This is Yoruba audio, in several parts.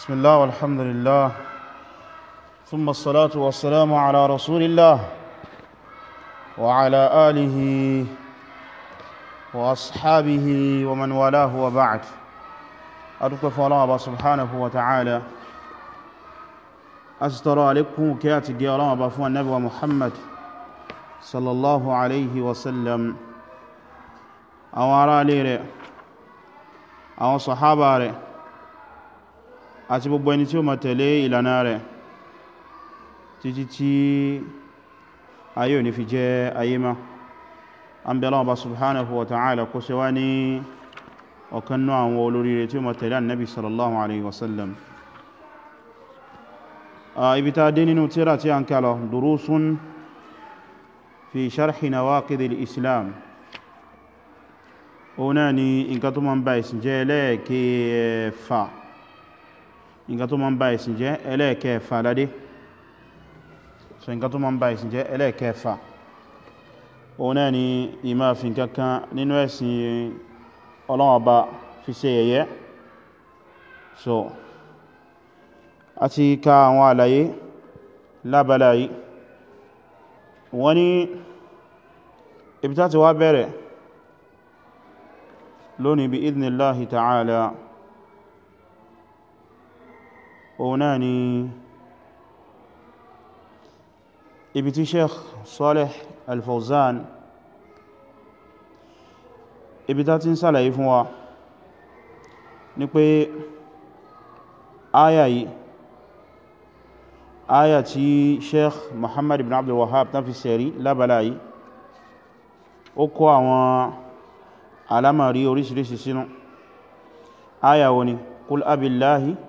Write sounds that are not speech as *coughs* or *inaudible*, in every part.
بسم الله والحمد لله ثم الصلاة والسلام على رسول الله وعلى آله وأصحابه ومن والاه وبعد أدوك فالله سبحانه وتعالى أسترى لكم كاتي قيرا بفوى النبي محمد صلى الله عليه وسلم أو أرى ليري أو صحابة ليري àti gbogbo ẹni tí ó ma tẹ̀lé ìlànà rẹ̀ títí tí ayé ò ní fi jẹ́ ayé má an bẹ̀rẹ̀ ọba subhanahu wa ta'ala kó ṣe wá ní ọ̀kan náà àwọn olóríire tí ó ma tẹ̀lé annabi sallallahu alaihi wasallam ibi ta dé nínú tíra tí a ń kalọ̀ durusun fi sharhi nawaqid al-islam òun náà ni nǹkan tó ma ń bá ìsìn jẹ́ lẹ́ẹ̀kẹ́fà nǹkan tó máa ń ba ìsìn jẹ́ ẹlẹ́ẹ̀kẹfà ládé so nǹkan tó máa ń ba ìsìn jẹ́ ẹlẹ́ẹ̀kẹfà òun náà ni ìmá fi nǹkan kan nínú ẹ̀sìn Ọlọ́run Ọba fi ṣe yẹ̀yẹ́ so a ti ka àwọn àlàyé lábala yìí wọ́n ní ibi tá ti wá bẹ̀rẹ̀ lónìí bí idhnillahi ta'ala òun náà ni ibi tí Sheikh Saleh Al Fawzan ibi tá ti ń sàlàyé fún wa ní pé áyà yìí áyà tí Sheikh Muhammad ibn Abdul Wahhab tán fi sẹ̀rí lábàlá yìí ó kó àwọn alámàrí oríṣiríṣi sínú áyà wo ni kul abillahi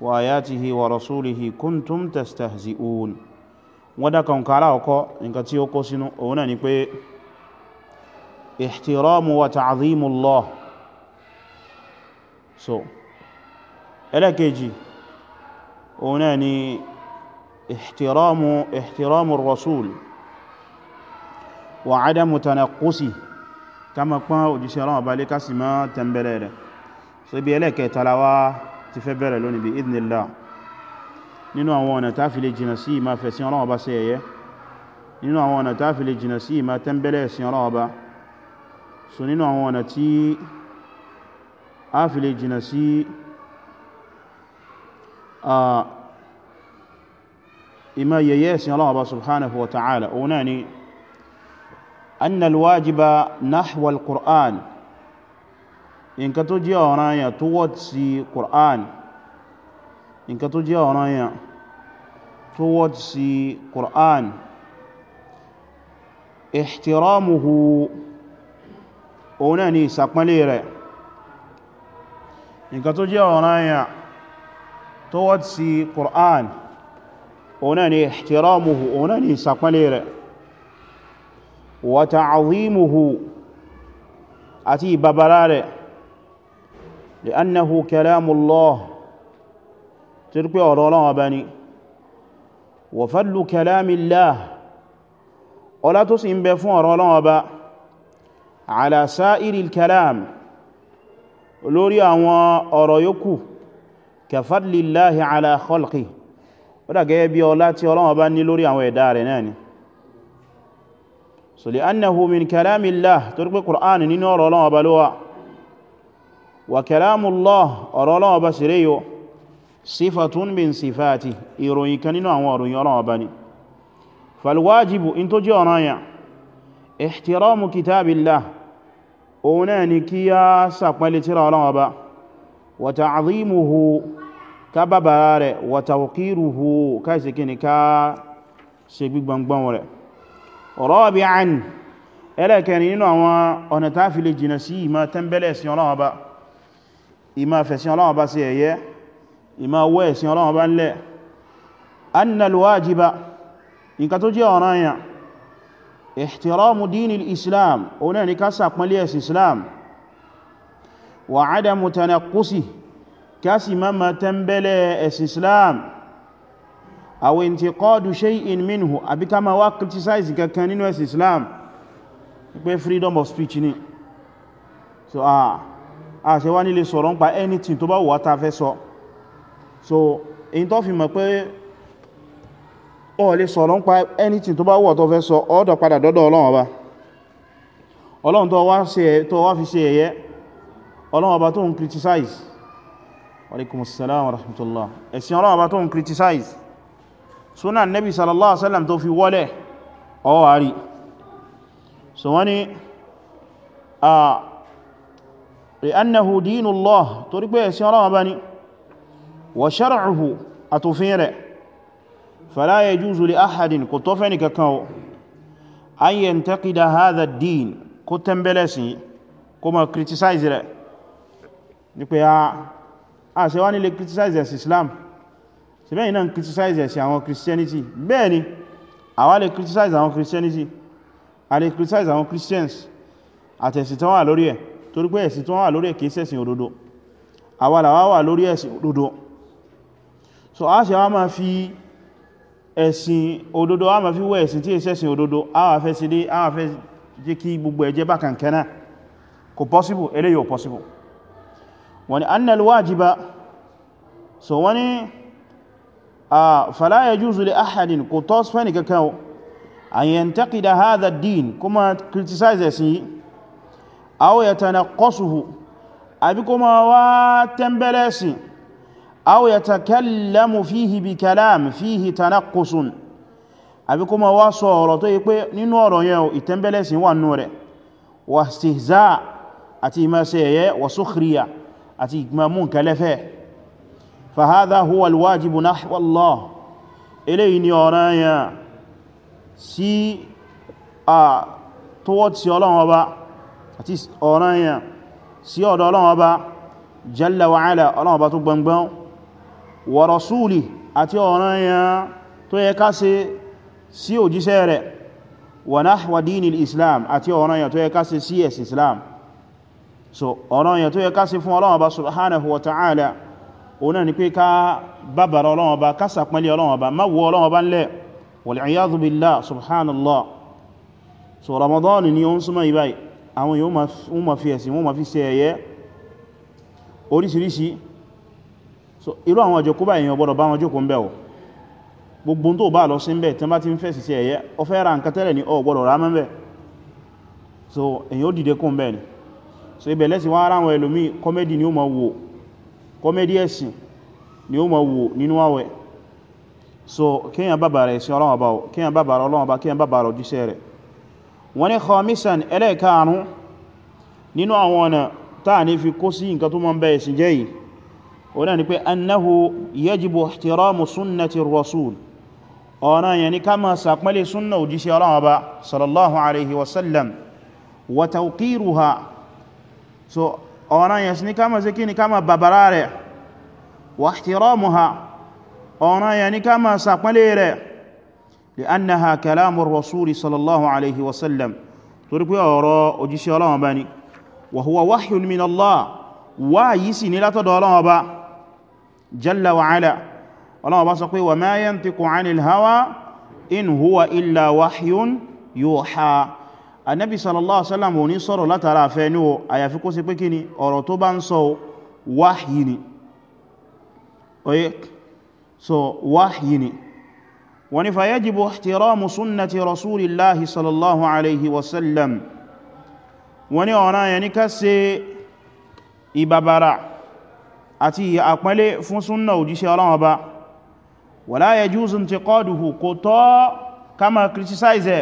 وآياته ورسوله كنتم تستهزئون ودكم كالاوكو نكا تي اوكو سينو اونا ني بي احترام وتعظيم الله so ẹlẹ́kejì òun náà ni ihtiramu ihtiramu rasul wa adamu tanaqqusi ká ma pọ́n òjíṣẹ́ ọlọ́wọ́ balé mọ́ tẹ̀mbẹ̀rẹ̀ rẹ̀ so ibi ẹlẹ́kẹta lawa ti fẹ́ bẹ̀rẹ̀ lónìí bí idhnillah nínú àwọn ọ̀nà tá fi lè jìnà sí ìmá sí Ọlọ́run Ọba sí ẹ̀yẹ nínú àwọn ọ̀nà tá fi lè jìnà sí ìmá tẹ́mbẹ̀lẹ̀ sí Ọlọ́run Ọba so nínú àwọn ọ̀nà tí a fi lè jìnà sí ìmá yẹyẹ sí Ọlọ́run Ọba subhanahu wa ta'ala ọ̀nà ni annal wajiba nahwa al-Qur'an nǹkan tó jẹ́ ọ̀ranyàn towards sí Qur'an nǹkan tó jẹ́ ọ̀ranyàn towards sí Qur'an ihtiramuhu òun náà ni ìsàpánlẹ̀ rẹ̀ nǹkan tó jẹ́ ọ̀ranyàn towards sí Qur'an òun náà ni ihtiramuhu òun ni ìsàpánlẹ̀ rẹ̀ wa ta'azimuhu àti ìbàbàrá rẹ̀ لأنه كلام الله تركي أرى بني وفضل كلام الله ولا تسئم بفون أرى على سائر الكلام lórí àwọn ọ̀rọ̀ yòókù kẹfàdìláhì ala khalqi ó dà gẹ́gẹ́ bí ọlá tí Ọlọ́run bá ní lórí àwọn ẹ̀dá rẹ̀ náà ni so li annahu min kalamillah torípé Qur'an nínú ọ̀rọ̀ Ọlọ́run bá lówà wa kalamullah ọ̀rọ̀ Ọlọ́run Ọba sì rẹ̀ yóò sífàtún min sífàtì ìròyìn kan nínú àwọn ìròyìn Ọlọ́run Ọba ni falwajibu in tó jẹ́ ọ̀ranyàn ihtiramu kitabillah òun náà ni kí a sàpẹ́lẹ̀ tíra Ọlọ́run Ọba wa ta'dhimuhu ká bàbára rẹ̀ wa tawqiruhu ká ìsìnkini ká ṣe gbígbàngbàn rẹ̀ rabi'an ẹlẹ́kẹ̀rin nínú àwọn ọ̀nà táfilé jìnà sí ìmá tẹ́mbẹ̀lẹ̀ sí Ọlọ́run Ọba ìmá fẹ̀sìn Ọlọ́run bá sí ẹ̀yẹ ìmá wọ́ ẹ̀sìn Ọlọ́run bá ń lẹ̀ annal wajiba nǹkan tó jẹ́ ọ̀ràn yà ihtiramu dinil islam òun náà ni ká sàpọ́nlé ẹ̀sìn islam wa adamu tanaqqusi ká sì má ma tẹ́mbẹ̀lẹ̀ ẹ̀sìn islam aw intiqadu minhu àbí ká ma wá criticize kankan nínú ẹ̀sìn islam pé freedom of speech ni so ah àṣẹwá nílé sọ̀rọ̀ ń pa anything tó bá wà ta fẹ́ sọ so èyí tó fi mọ̀ pé ọ lè sọ̀rọ̀ ń pa anything tó bá wà tó fẹ́ sọ ọ̀dọ̀ padà dọ́dọ̀ ọlọ́run ọba ọlọ́run tó wá fi ṣe ẹ̀yẹ ọlọ́run ọba tó criticize alaikum assalam wa rahmatullah ẹ̀sìn ọlọ́run ọba tó ń criticize sunan nabi sallallahu alaihi wasallam tó fi wọlẹ̀ ọwọ́ àrí لأنه دين الله طريق يسي الله بني وشرعه أتفير فلا يجوز لأحد كتفني ككو أن ينتقد هذا الدين كتنبلسي كما criticize rẹ̀ ní pé a ṣe wá nílé criticize ẹ̀sì Islam ṣe bẹ́yìn náà criticize ẹ̀sì àwọn Christianity bẹ́ẹ̀ ni àwa lè criticize àwọn Christianity a lè criticize àwọn Christians àtẹ̀sì lórí ẹ̀ torí pé ẹ̀sìn tó wà lórí ẹ̀kì sẹ́sìn òdodo àwàlàwà wà lórí ẹ̀sìn òdodo so a ṣe wá máa fi ẹ̀sìn òdodo a máa fi wọ ẹ̀sìn tí ẹ̀sẹ̀sìn òdodo a wà fẹ́ sí dé a wà fẹ́ jẹ́ kí gbogbo ẹ̀jẹ́ bákan kẹ́nà kò possible eléyìí ò possible wani annal wajiba so wani a fala yajuzu li ahadin kò tọ́ sfẹ́ni kankan an yantaqida hadha ad-din aw yatanaqqasuhu àbí kó máa wá tẹ́m̀bẹ̀lẹ́sì aw yatakallamu fihi bi kalam fihi tanaqqusun àbí kó máa wá sọ ọ̀rọ̀ tó yí pé nínú ọ̀rọ̀ yẹn ìtẹ́m̀bẹ̀lẹ́sì wà nú rẹ̀ wa istihza àti ìmẹ́sẹ̀yẹ wa sukhriya àti ìgbàmún kẹlẹ́fẹ́ fahadha huwa ti Ọlọ́run ọba àti ọ̀ràn yẹn sí ọ̀dọ̀ Ọlọ́run Ọba jalla wa ala Ọlọ́run Ọba tó gbangban wa rasuli àti ọ̀ràn yẹn tó yẹ ká ṣe sí òjíṣẹ́ rẹ̀ wa nahwa dinil islam àti ọ̀ràn yẹn tó yẹ ká ṣe sí ẹ̀sìn islam so ọ̀ràn yẹn tó yẹ ká ṣe fún Ọlọ́run Ọba subhanahu wa ramadan ni ó ń súnmọ́ ìbáyìí àwọn èèyàn wọ́n ma fi ẹ̀sìn wọ́n ma fi ṣe ẹ̀yẹ oríṣiríṣi so irú àwọn àjòkó bá èèyàn gbọ́dọ̀ bá wọn jókòó ń bẹ̀ ọ̀ gbogbo tó bá lọ sí ń tí wọ́n bá ti ń fẹ̀sì sí ẹ̀yẹ ó ra nǹkan tẹ́lẹ̀ ní ó gbọ́dọ̀ mẹ́bẹ̀ so èèyàn ó dìde kún bẹ́ẹ̀ ni so ibẹ̀ lẹ́sìn wọ́n ara wọn ẹlòmí kọ́mẹ́dì ni ó ma wò kọ́mẹ́dì ẹ̀sìn ni ó so kíyàn bàbà rẹ̀ sí ọlọ́wọ́ bá kíyàn bàbà rẹ̀ ọlọ́wọ́ bá kíyàn wọ́n ní khamisan ẹlẹ́ẹ̀kaàrún nínú àwọn ọ̀nà táà ní fi kó sí nǹkan tó mọ́ bẹ̀ẹ̀ sí jẹ́ yìí o náà ni pé annahu yajibu ihtiramu sunnati rasul ọ̀nà yẹn ni ká máa sàpẹ́lẹ̀ sunna òjíṣẹ́ ọlọ́run sallallahu alaihi wasallam wa tawqiruha so ọ̀nà yẹn ni ká ká máa sàpẹ́lẹ̀ rẹ̀ لأنها كلام الرسول صلى الله عليه وسلم تركوا أورا أجيشي الله باني وهو وحي من الله ويسي لا تدو الله با جل وعلا الله بسقوا وما ينطق عن الهوى إن هو إلا وحي يوحى النبي صلى الله عليه وسلم ونصر لا ترى فينو أيا فيكو بكيني أوراء تبان سو وحيني أيك سو وحيني wọ́n ní fayajibu ihtiramu sunnati rasulillahi sallallahu alaihi wasallam wọ́n ní ọ̀nà yẹni ká ṣe ìbàbàrà àti àpẹẹlẹ fún súnnà òjíṣẹ́ Ọlọ́run Ọba wala yajuzu intiqaduhu kò tọ́ kama criticize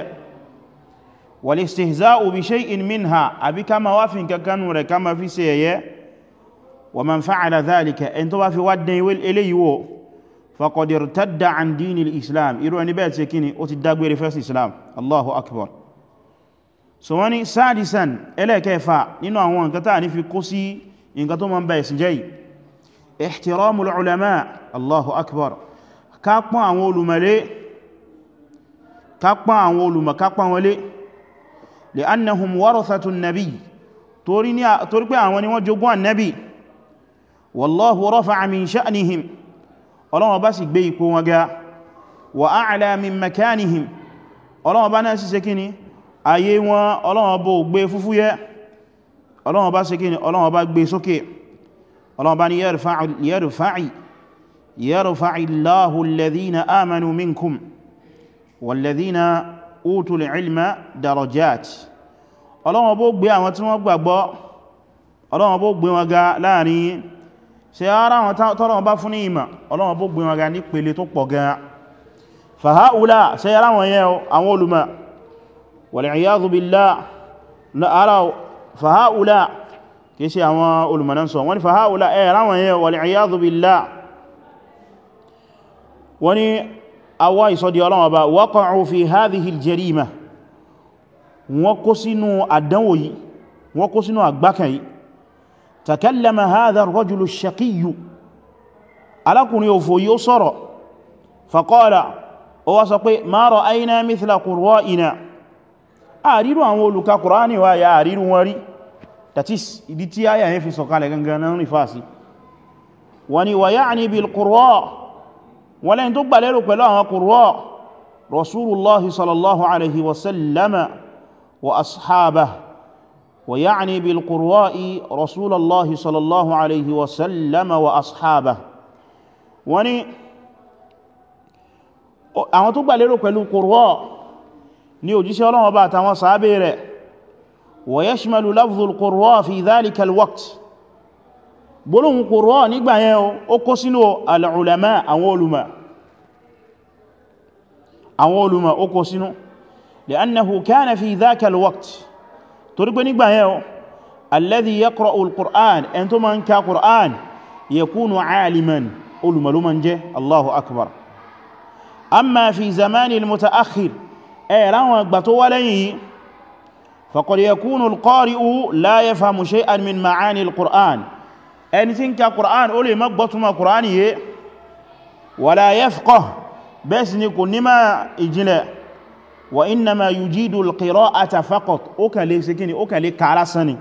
wal istihza'u bi shay'in minha àbí kama wáfin kankanu rẹ̀ kama fi ṣe yẹ̀yẹ́ wa man fa'ala dhalika ẹni tó bá fi wá eléyìí wò faqad irtadda an dinil islam irú ẹni bẹ́ẹ̀ tí kíni ó ti dágbére fẹ́sì islam allahu akbar so wọ́n ni sadisan ẹlẹ́kẹfà nínú àwọn nǹkan tàà ní fi kó sí nǹkan tó ma ń bẹ̀ẹ̀ sí jẹ́ ihtiramul ulama allahu akbar kápán àwọn olùmọ̀lé kápán àwọn olùmọ̀ kápán wọlé li'annahum warathatun nabi torí pé ọlọ́wọ́n bá sì gbé ipò wọn ga wa a'la min makanihim ọlọ́wọ́n bá náà sì ṣe kíni ayé wọn ọlọ́wọ́n bó gbé fúfúyẹ́ ọlọ́wọ́n bá ṣe kíni ọlọ́wọ́n bá gbé sókè ọlọ́wọ́n bá ní yarfa'i yarfa'i Allahu alladhina amanu minkum walladhina utul ilma darajat ọlọ́wọ́n ṣe ara wọn tọ́lọ̀wọ́n bá fún ní ìmọ̀ ọlọ́wọ́n bó gbé wọn ga ní pele tó pọ̀ gan fàháúlà ṣe ara wọn yẹn àwọn olùmọ̀ wal-iyadhu billah ara fàháúlà kìí ṣe àwọn olùmọ̀ náà sọ wọ́n ni fàháúlà ẹ̀ra wọn yẹn wal-iyadhu billah takallama hadha ar-rajulu ash-shaqiyyu alákùnrin òfò yíó sọ̀rọ̀ faqala ó wá sọ pé ma ra'ayna mithla qurra'ina àrírù àwọn olùka kùránì wá ya àrírù wọn rí that is ìdí tí a yàyẹ fi sọ̀kalẹ̀ gangan náà rífà sí wani wa ya'ni bil qurra wọ́n lẹ́yìn tó gbàlérò pẹ̀lú àwọn qurra rasulullahi sallallahu alaihi wasallama wa ashabahu ويعني بالقرواء رسول الله صلى الله عليه وسلم وأصحابه wani àwọn tó gbà lérò pẹ̀lú qurwa ni òjíṣẹ́ Ọlọ́run Ọba àtàwọn sàábé rẹ̀ wa yashmalu lafdhul qurwa fi dhalika alwaqt gbólóhùn qurwa nígbà yẹn ó kó sínú al-ulama àwọn olùmọ̀ àwọn olùmọ̀ ó kó sínú li'annahu kana fi dhaka alwaqt torí pé nígbà yẹn alladhi yaqra'u al-Qur'an ẹn tó ma ń ká Qur'an yakunu aliman olùmọ̀lúmọ̀ jẹ́ Allahu akbar amma fi zamani al-muta'akhir ẹ̀ ráwọn àgbà tó wá lẹ́yìn yìí faqad yakunu al-qari'u la yafhamu wa innama yujidu alqira'ata faqat ó kàn lè ṣe kíni ó kàn lè kà lásán ni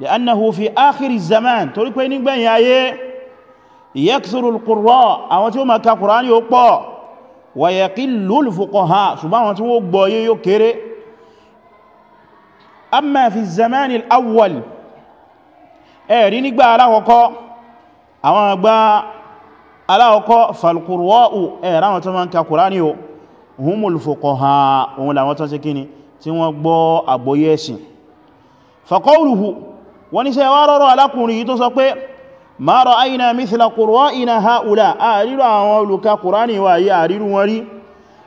li'annahu fi akhiri zaman torí pé nígbẹ̀yìn ayé yakthuru alqurra àwọn tí ó ma ka qur'ani ó pọ̀ wa yaqillu alfuqaha ṣùgbọ́n àwọn tí wọ́n gbọ́ yé yóò kéré amma fi zaman al'awwal ẹ̀rí nígbà alákọ̀ọ́kọ́ àwọn àgbà alákọ̀ọ́kọ́ falqurra'u ẹ̀rá àwọn tí ó ma ka qur'ani ó humul fuqaha òun làwọn tó ṣe kíni tí wọ́n gbọ́ àgbọ́yé ẹ̀sìn faqawluhu wọ́n ní sẹ́ wá rọ́rọ̀ alákùnrin yìí tó sọ pé ma ra'ayna mithla qurra'ina ha'ula àríru àwọn olùka kùránì wà yí àríru wọn rí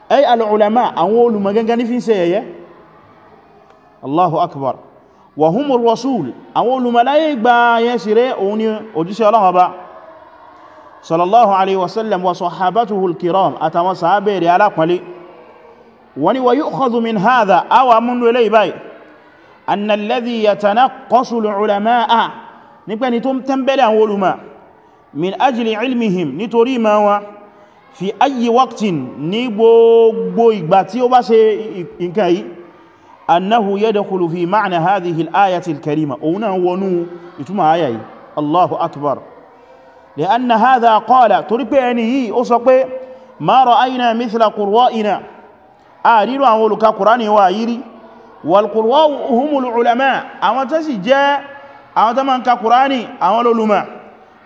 ay al'ulama àwọn olùmọ̀gangan nífin sẹ yẹ sallallahu alaihi wasallam wa sahabatuhu al-kiram àtàwọn sàábẹ̀rẹ̀ alápọ̀lẹ́ wani wa yu'khadhu min hadha awa munu ilé ìbáyì anna alladhi yatanaqqasu al-ulama'a nípa ni tó ń tẹ́mbẹ̀lẹ̀ àwọn olùmọ̀ min ajli ilmihim nítorí ma wa fi ayi waqtin ní gbogbo ìgbà tí ó bá ṣe nǹkan yìí annahu yadkhulu fi ma'na hadhihi al-ayati karima òun náà wọnú ìtumọ̀ àyà yìí allahu akbar li'anna hadha qala torí pé ẹni yìí ó sọ pé ma ra'ayna mithla qurra'ina àrírò àwọn olùka kùránì wà yìí wàlùkùrwà humul ulama àwọn tó sì jẹ́ àwọn tó máa ń ka kùránì àwọn olùmọ̀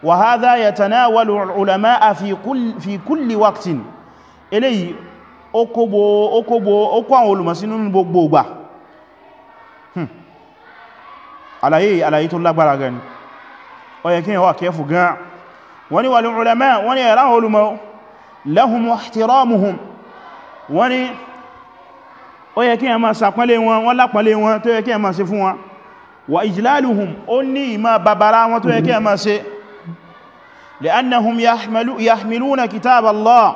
wà hadha yatanawalu ulama fi kulli waqtin eléyìí ó kó àwọn olùmọ̀ sínú gbogbo ìgbà hmm. àlàyé àlàyé tó lágbára gan ó yẹ kí wà kẹfù lahum ihtiramuhum wani ó yẹ kí ẹ máa sàpọ́nlé wọn wọ́n lápọ́nlé wọn tó yẹ kí ẹ máa ṣe fún wọn wà ijlaluhum ó ní ìmá bàbára wọn tó yẹ kí ẹ máa ṣe li'annahum yahmiluna kitab Allah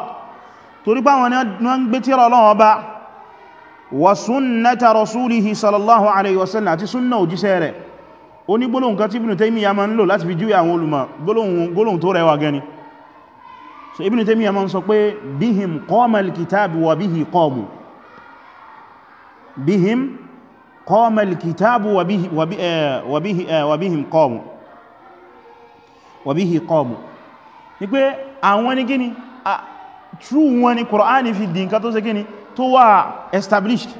torí pé àwọn wọ́n gbé tírà Ọlọ́run Ọba wa sunnata rasulihi sallallahu alaihi wasallam so Ibn Taymiyyah máa ń sọ pé bihim qama al-kitab bihim qama alkitabu wàbíhim qamu wàbíhì qamu ní pé àwọn ní gíní true wọn ni Kùránì fi di tó ṣe gíní tó wà established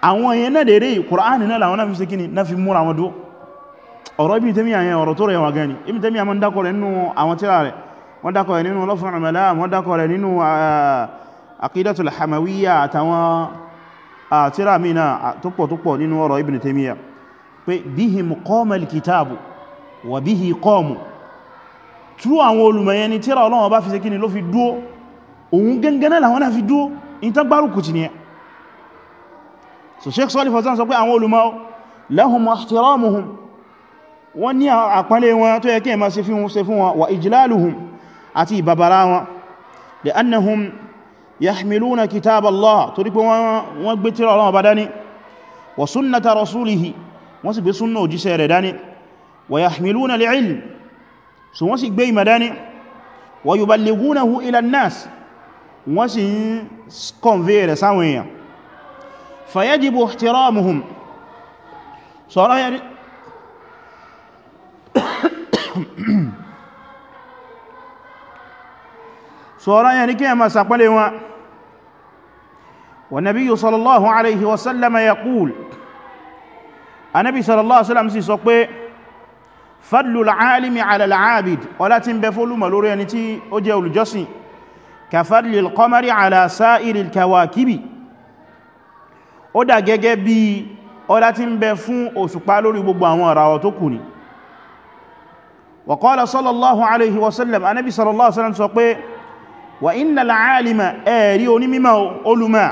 àwọn èèyàn náà dẹ̀ rí Kùránì náà làwọn náà fi ṣe gíní náà fi múra wọn dúó ọ̀rọ̀ ibi tẹ́mí àyẹn ọ̀rọ̀ tó rẹ̀ wà gani ibi tẹ́mí àmọ́ dákọ̀ rẹ̀ nínú àwọn tíra rẹ̀ wọ́n dákọ̀ rẹ̀ nínú ọlọ́fún àmàlà wọ́n dákọ̀ rẹ̀ nínú aqidatul hamawiyya àtàwọn àtírà mìíràn tó pọ̀ tó pọ̀ nínú ọ̀rọ̀ ibn taymiya pé bihim qama al-kitabu wa bihi qamu tú àwọn olùmọ̀yẹn ni tírà Ọlọ́run bá fi ṣe kíni ló fi dúó òun gẹ́gẹ́nà làwọn náà fi dúó in tán gbárùkù ti nìyẹn so sheikh sọ́lì fọ́sán sọ pé àwọn olùmọ̀ lahum ihtiramuhum wọ́n ní yahmiluna kitab Allah torí pé wọ́n gbé tírà Ọlọ́run bá dání wa sunnata rasulihi wọ́n sì gbé súnnà òjíṣẹ́ rẹ̀ dání wa yahmiluna al-ilm so wọ́n sì gbé ìmọ̀ dání wa yuballighunahu *coughs* sọ́rọ̀ yẹn ní kí ẹ máa sàpẹ́lẹ̀ wọn wa nabiyyu sallallahu alaihi wasallama yaqul anabi sallallahu alaihi wasallam sì sọ pé fadlu al'alimi ala al'abid ọlá tí ń bẹ fólúmọ̀ lórí ẹni tí ó jẹ́ olùjọ́sìn fún òṣùpá lórí gbogbo àwọn ìràwọ̀ tó kù ni wa qala sallallahu wasallam anabi sallallahu alaihi sọ pé wa innal alima ẹ̀rí onímímọ̀ olùmọ̀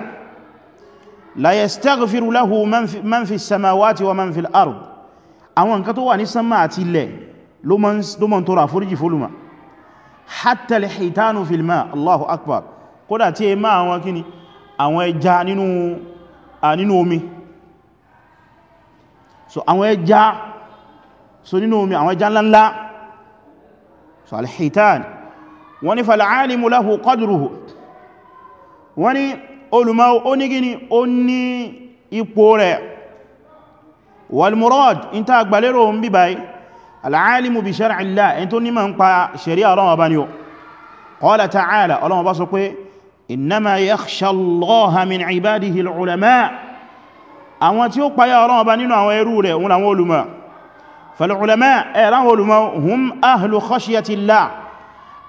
la yastaghfiru lahu man fi samawati wa man fi al-ard àwọn nǹkan tó wà ní sánmà àti ilẹ̀ ló mọ́ ń tọrọ àforíjì fólùmọ̀ hatta al-hitanu fil ma Allahu akbar kódà tí ẹ máa àwọn kíni àwọn ẹja nínú omi so àwọn ẹja so nínú omi àwọn ẹja ńláńlá so al-hitan wọ́n ni fal'alimu lahu qadruhu wọ́n ni olùmọ̀ onígini ó ní ipò rẹ̀ walmurad in ta gbalero n bíbáyí al'alimu bi shar'illah in tó nímọ̀ ń pa shari'a ọlọ́wọ́ bá ni ó qala ta'ala ọlọ́wọ́ bá sọ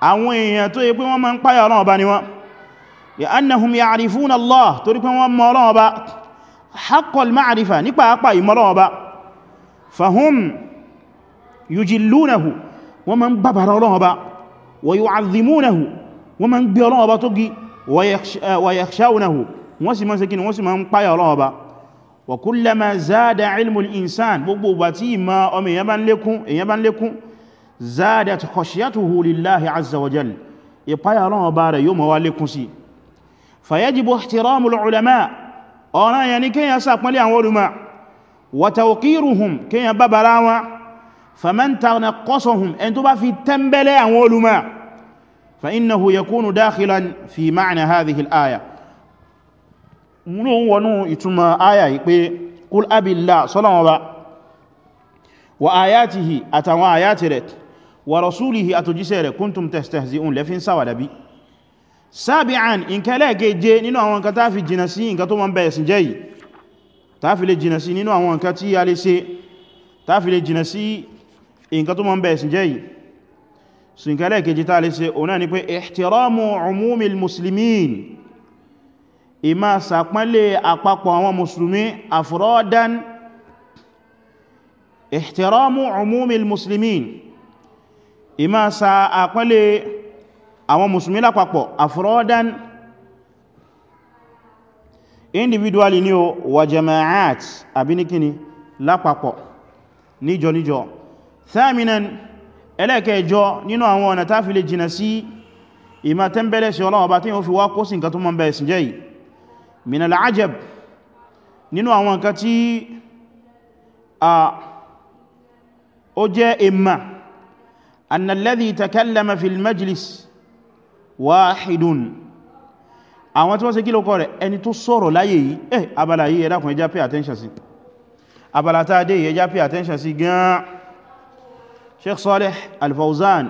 àwọn èèyàn tó yẹ pé wọ́n máa ń páyà Ọlọ́run Ọba ni wọ́n ya annahum ya'rifuna Allah tó rí pé wọ́n mọ Ọlọ́run Ọba haqqal ma'rifa nípa apá ìmọ̀ Ọlọ́run Ọba fahum yujillunahu wọ́n máa ń bàbàrà Ọlọ́run Ọba wa yu'azzimunahu wọ́n máa ń gbé Ọlọ́run Ọba tó gi wa yakhshawnahu wọ́n sì máa ṣe kíni wọ́n sì máa ń páyà Ọlọ́run Ọba wa kullama zada ilmul insan gbogbo ìgbà tí ìmọ̀ ọmọ èèyàn bá ń lékún zadat khashyatuhu lillahi azza wa jal ìpáyà ọlọ́run ọba rẹ̀ yóò mọ̀ wá lékún sí fayajibu ihtiramu al-ulama ọ̀rọ̀ yẹn ni kíyàn sàpínlẹ̀ àwọn olùmọ̀ wa tawqiruhum kíyàn bàbára wọn faman tanaqqasuhum ẹni tó bá fi tẹ́mbẹ̀lẹ̀ àwọn olùmọ̀ fa innahu yakunu dakhilan fi ma'na hadhihi al-aya múlò ń wọnú wa ayatihi àtàwọn ayati rẹ̀ wa rasulihi àtòjíṣẹ́ rẹ̀ kuntum testehzi'un lẹ́fin sáwàdàbí sábìán ìkẹlẹ́gẹ̀ẹ́jẹ́ nínú àwọn nǹkan tá fi jìnà sí nǹkan tó mọ́ bẹ̀ẹ̀ sí jẹ́ yìí tá fi lè jìnà sí nínú àwọn nǹkan tí a lè fi lè jìnà sí nǹkan tó mọ́ bẹ̀ẹ̀ sí jẹ́ yìí sí ìkẹlẹ́gẹ̀ẹ́jẹ́ tá lè ṣe ọ̀nà ni pé ihtiramu umumil muslimin ìmá sàpánlé àpapọ̀ àwọn musulmi afrodan ihtiramu umumil muslimin ìmá sa àpẹẹlẹ àwọn musulmi lápapọ̀ afrodan individually ni o wa jama'at abinikini lápapọ̀ níjọ níjọ thaminan ẹlẹ́kẹjọ nínú àwọn ọ̀nà tá fi lè jìnà sí ìmá tẹ́m̀bẹ̀lẹ̀ sí Ọlọ́run Ọba tí ó fi wá kó sí nǹkan tó mọ́ bẹ̀ẹ̀ sí jẹ́ yìí min al'ajab nínú àwọn nǹkan tí ó jẹ́ ìmá أن الذي تكلم في المجلس واحد àwọn tí wọ́n ṣe kí lókọ́ rẹ̀ ẹni tó sọ̀rọ̀ láyé yìí eh abala yìí ẹ dákun ẹ jẹ́ pay attention sí abala tá dé yìí ẹ jẹ́ pay attention sí gan-an Sheikh Saleh Al-Fawzan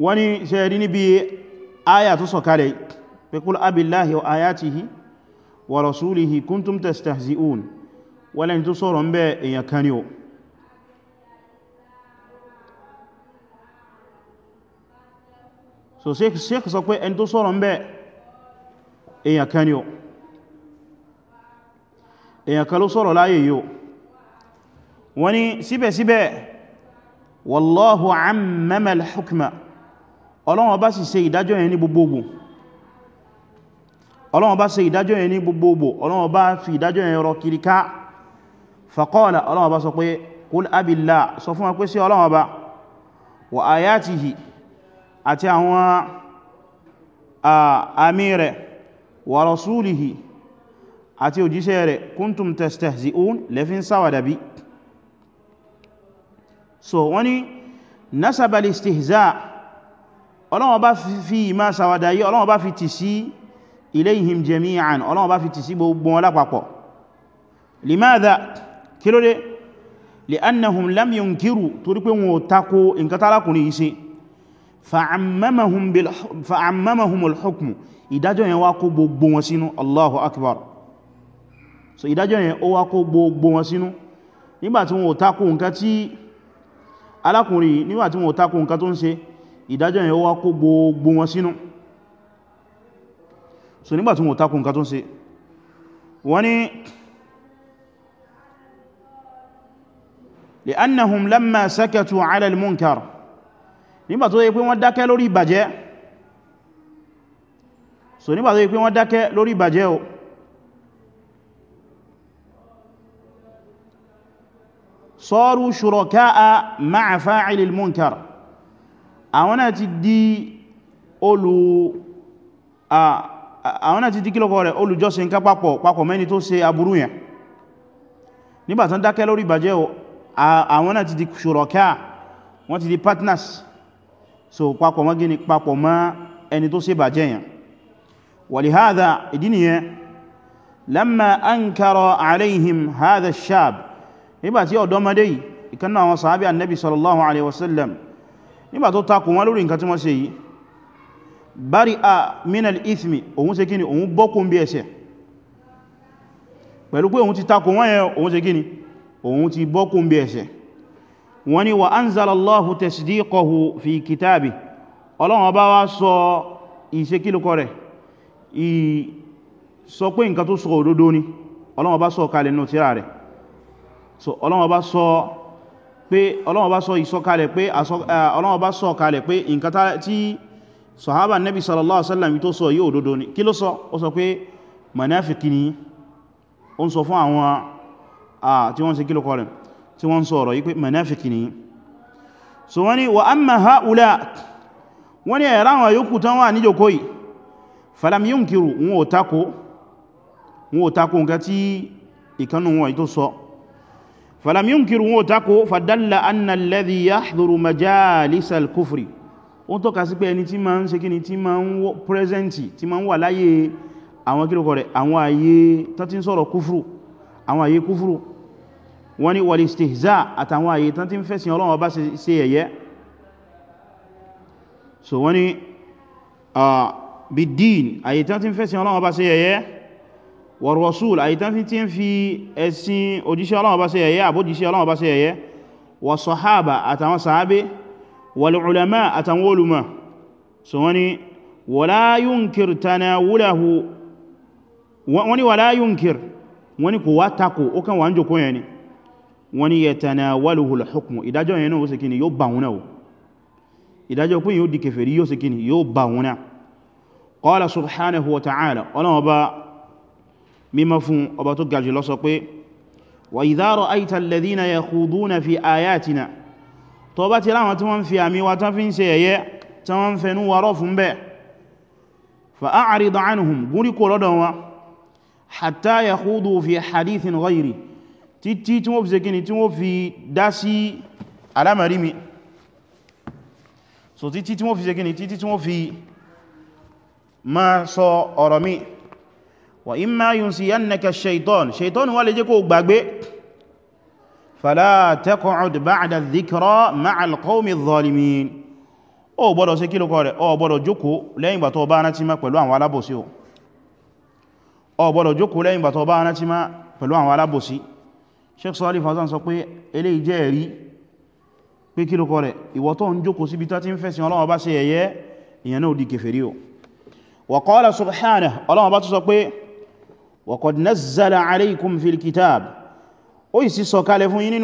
wọ́n níbi aya tó sọ̀kalẹ̀ pé qul abillahi wa ayatihi wa rasulihi kuntum tastahzi'un wọ́n lẹ́ni tó sọ̀rọ̀ ń èèyàn kan ni o so sheikh sọ pé ẹni tó sọ̀rọ̀ ń bẹ́ èyàn kan ni o èyàn kan ló sọ̀rọ̀ láyé yíò wọ́n ni síbẹ̀síbẹ̀ wallahu ammama al-hukma Ọlọ́run bá sì ṣe ìdájọ́ yẹn ní gbogbogbò Ọlọ́run bá ṣe ìdájọ́ yẹn ní gbogbogbò Ọlọ́run bá fi ìdájọ́ yẹn rọ kiriká faqala Ọlọ́run bá sọ pé qul abillah sọ fún wa pé sí Ọlọ́run bá wa ayatihi àti àwọn àmì rẹ̀ wa rasulihi àti òjíṣẹ́ rẹ̀ kuntum tastehzi'un lẹ́fin sáwàdà bí so wọ́n ni nasabal istihza Ọlọ́hun bá fi ìmá sáwàdà yí Ọlọ́hun bá fi tì sí ilayhim jami'an Ọlọ́hun bá fi tì sí gbogbo wọn lápapọ̀ limadha kí ló lam yunkiru torí pé wọn ò tako nǹkan tálákùnrin yìí fa'ammamahum al-hukmu ìdájọ́ yẹn wá kó gbogbo wọn sínú Allahu akbar so ìdájọ́ yẹn ó wá kó gbogbo wọn sínú nígbàtí wọn ò takò nǹkan tí alákùnrin nígbàtí wọn ò takò nǹkan tó ń ṣe ìdájọ́ yẹn ó wá kó gbogbo wọn sínú so nígbàtí wọn ò takò nǹkan tó ń ṣe wọ́n ni li'annahum lamma sakatu ala al nígbà tó yẹ pé wọ́n dákẹ́ lórí ìbàjẹ́ so nígbà tó yẹ pé wọ́n dákẹ́ lórí ìbàjẹ́ o sọ́rù shuraka'a ma'a fa'ilil munkar àwọn náà ti di olù àwọn náà ti di kílọ̀kọ̀ rẹ̀ olùjọ́sìn ká papọ̀ papọ̀ mẹ́ni tó ṣe aburú yẹn nígbà tán dákẹ́ lórí ìbàjẹ́ o àwọn náà ti di shuraka'a wọ́n ti di partners so papọ̀ mọ́ gíní papọ̀ mọ́ ẹni tó ṣe bàjẹ́ yẹn wàlìháàdà ìdí nìyẹn lamma ankara alayhim hadha shab nígbà tí ọ̀dọ́mọdé yìí ìkan náà àwọn sàábí annabi sallallahu alaihi wasallam nígbà tó takò wọn lórí nǹkan tí wọ́n ṣe yìí bari a minal ithmi òun ṣe kíni òun bọ́kùn bí ẹ̀ṣẹ̀ pẹ̀lú pé òun ti takò wọ́n yẹn òun ṣe kíni òun ti bọ́kùn bí ẹ̀ṣẹ̀ wọ́n ni wa anzala Allahu tasdiqahu fi kitabi ọlọ́run ọba wá sọ ìṣekílùkọ rẹ̀ sọ pé nǹkan tó sọ òdodo ni ọlọ́run ọba sọ kalẹ̀ nù tíra rẹ̀ so ọlọ́run ọba sọ pé sọ̀hábà nẹ́bí sallallahu alaihi wasallam tó sọ yìí òdodo ni kí ló sọ ó sọ pé manafiki ó ń sọ fún àwọn tí wọ́n ń ṣe kílùkọ rẹ̀ tí wọ́n sọ̀rọ̀ yí pé manafiki ni so wọ́n ni wa amma ha'ula wọ́n ni ẹ̀rá wọn yóò kútan wà ní jòkó yìí falam yunkiru wọn ò tako wọn ò tako nǹkan tí ìkanu wọn tó sọ falam yunkiru wọn ò tako fadalla anna alladhi yahdhuru majalis al-kufri ó tó kà pé ẹni tí ma ń ṣe kíni tí ma ń pẹ́sẹ̀ntì tí ma ń wà láyé àwọn kílùkọ̀ rẹ̀ àwọn àyè tó sọ̀rọ̀ kúfùrù àwọn àyè kúfùrù wọ́n ní wal istihza àtàwọn àyè tán tí ń fẹ́sìn Ọlọ́run ọba ṣe yẹ̀yẹ́ so wọ́n ní bid-din àyè tán tí ń fẹ́sìn Ọlọ́run ọba ṣe yẹ̀yẹ́ wa rasul àyè tán tí ń fi ẹ̀sìn òjíṣẹ́ Ọlọ́run ọba ṣe yẹ̀yẹ́ àbójíṣẹ́ Ọlọ́run ọba ṣe yẹ̀yẹ́ wa sahaba àtàwọn sàábé wal ulama àtàwọn olùmọ̀ so wọ́n ní wala yunkir tanawulahu kò wá takò ó kàn wà ń jòkó yẹn ni wọ́n ni yatanawaluhu al-hukmu ìdájọ́ yẹn náà ó sì kí ni yóò bá wọn náà ìdájọ́ pín yóò di kèfèrí yóò sì kí ni yóò bá wọn náà qala subhanahu wa ta'ala ọlọ́wọ́ mímọ́ fún ọba tó gajù lọ pé wa títí tí wọ́n fi ṣe kíni tí wọ́n fi dá sí alámàrí mi so títí tí wọ́n fi ṣe kíni títí tí wọ́n fi ma sọ ọ̀rọ̀ mi wa imma yunsiyannaka shaitan shaitan wà lè jẹ́ kó gbàgbé fala taq'ud Sheikh Salih Fawzan sọ pé eléyìí jẹ́ ẹ̀rí pé kí ló kọ rẹ̀ ìwọ tó ń jókòó síbi tá ti ń fẹ̀sìn Ọlọ́run bá ṣe ẹ̀yẹ ìyẹn náà di kèfèrí o wa qala subhanahu Ọlọ́run bá tún sọ pé wa qad nazzala alaykum fil kitab ó yìí sí sọ kalẹ̀ fún yín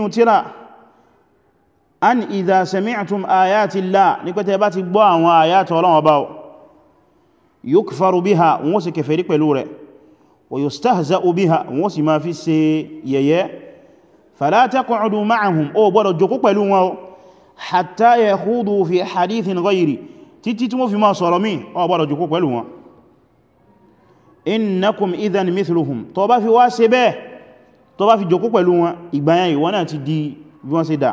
wọ́n sì kèfèrí pẹ̀lú rẹ̀ wọ́n sì máa fi ṣe yẹ̀yẹ́ fala taq'udu ma'ahum o gbọ́dọ̀ jókòó pẹ̀lú wọn hatta yakhudu fi hadithin ghayri títí tí wọ́n fi máa sọ̀rọ̀ mi o gbọ́dọ̀ jókòó pẹ̀lú wọn innakum idhan mithluhum tó bá fi wá ṣe bẹ́ẹ̀ tó bá fi jókòó pẹ̀lú wọn ìgbàyàn ìwọ náà ti di bí wọ́n ṣe dà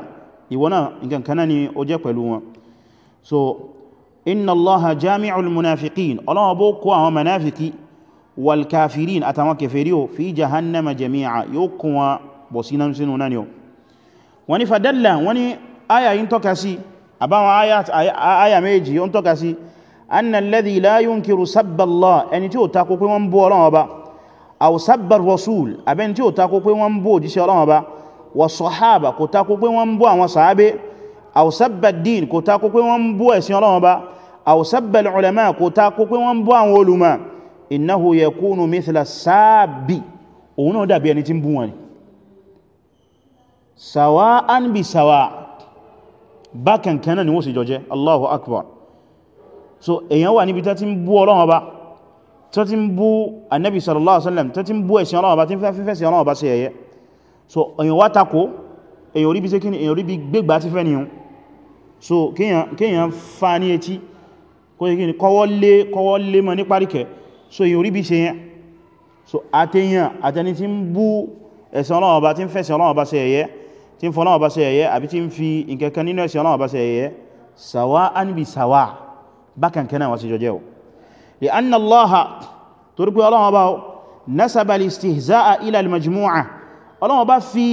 ìwọ náà nǹkan kan ni ó jẹ́ pẹ̀lú wọn so inna allaha jami'ul munafiqin ọlọ́wọ́ bó kó àwọn munafiki wal kafirin àtàwọn kẹfẹ́rí o fi jahannama jami'a yóò kún wọn bọ̀ sínú náà ni ọ wọ́n ni fadalla wọ́n ni aya yìí tọ́ka sí àbáwọn aya méjì yìí tọ́ka sí anna alladhi la yunkiru sabba Allah ẹni tí ó takò pé wọ́n bú Ọlọ́run Ọba aw sabba rasul abẹni tí ó takò pé wọ́n bú òjíṣẹ́ Ọlọ́run Ọba wa sahaba kò takò pé wọ́n bú àwọn sàábé aw sabba din kò takò pé wọ́n bú ẹ̀sìn Ọlọ́run Ọba aw sabba ulama kò takò pé wọ́n bú àwọn olùmọ̀ innahu yakunu mithla sáàbì òun náà dàbí ẹni tí ń bú wọn ni sàwá án bí sàwá bákan kanáà ni wọ́n sì jọjẹ́ Allahu Akbar so èyàn wà níbi tó ti ń bú Ọlọ́run Ọba tó ti ń bú annabi sallallahu alaihi wasallam tó ti ń bú ẹ̀sìn Ọlọ́run Ọba tí fífẹ́ sí Ọlọ́run Ọba sí ẹ̀yẹ so èyàn wá takò èyàn orí bí sí kíni èyàn so kíyàn fa ní etí kọwọ́ lé mọ́ ní so èyàn orí so àtẹyàn àtẹni tí ń bú ẹ̀sìn Ọlọ́run Ọba tí fẹ́ sí Ọlọ́run Ọba sí ẹ̀yẹ tí ń fọ́nà ọba ṣe ẹ̀yẹ àbí tí ń fi nǹkankan nínú ẹ̀sìn ọlọ́wọ́ bá ṣe ẹ̀yẹ sàwá ánìbì sàwá bákankan náà wọ́n sì jọjẹ́ o lè anna allaha torí pé ọlọ́wọ́ bá nasaba al-istihza'a ila al-majmu'a ọlọ́wọ́ bá fi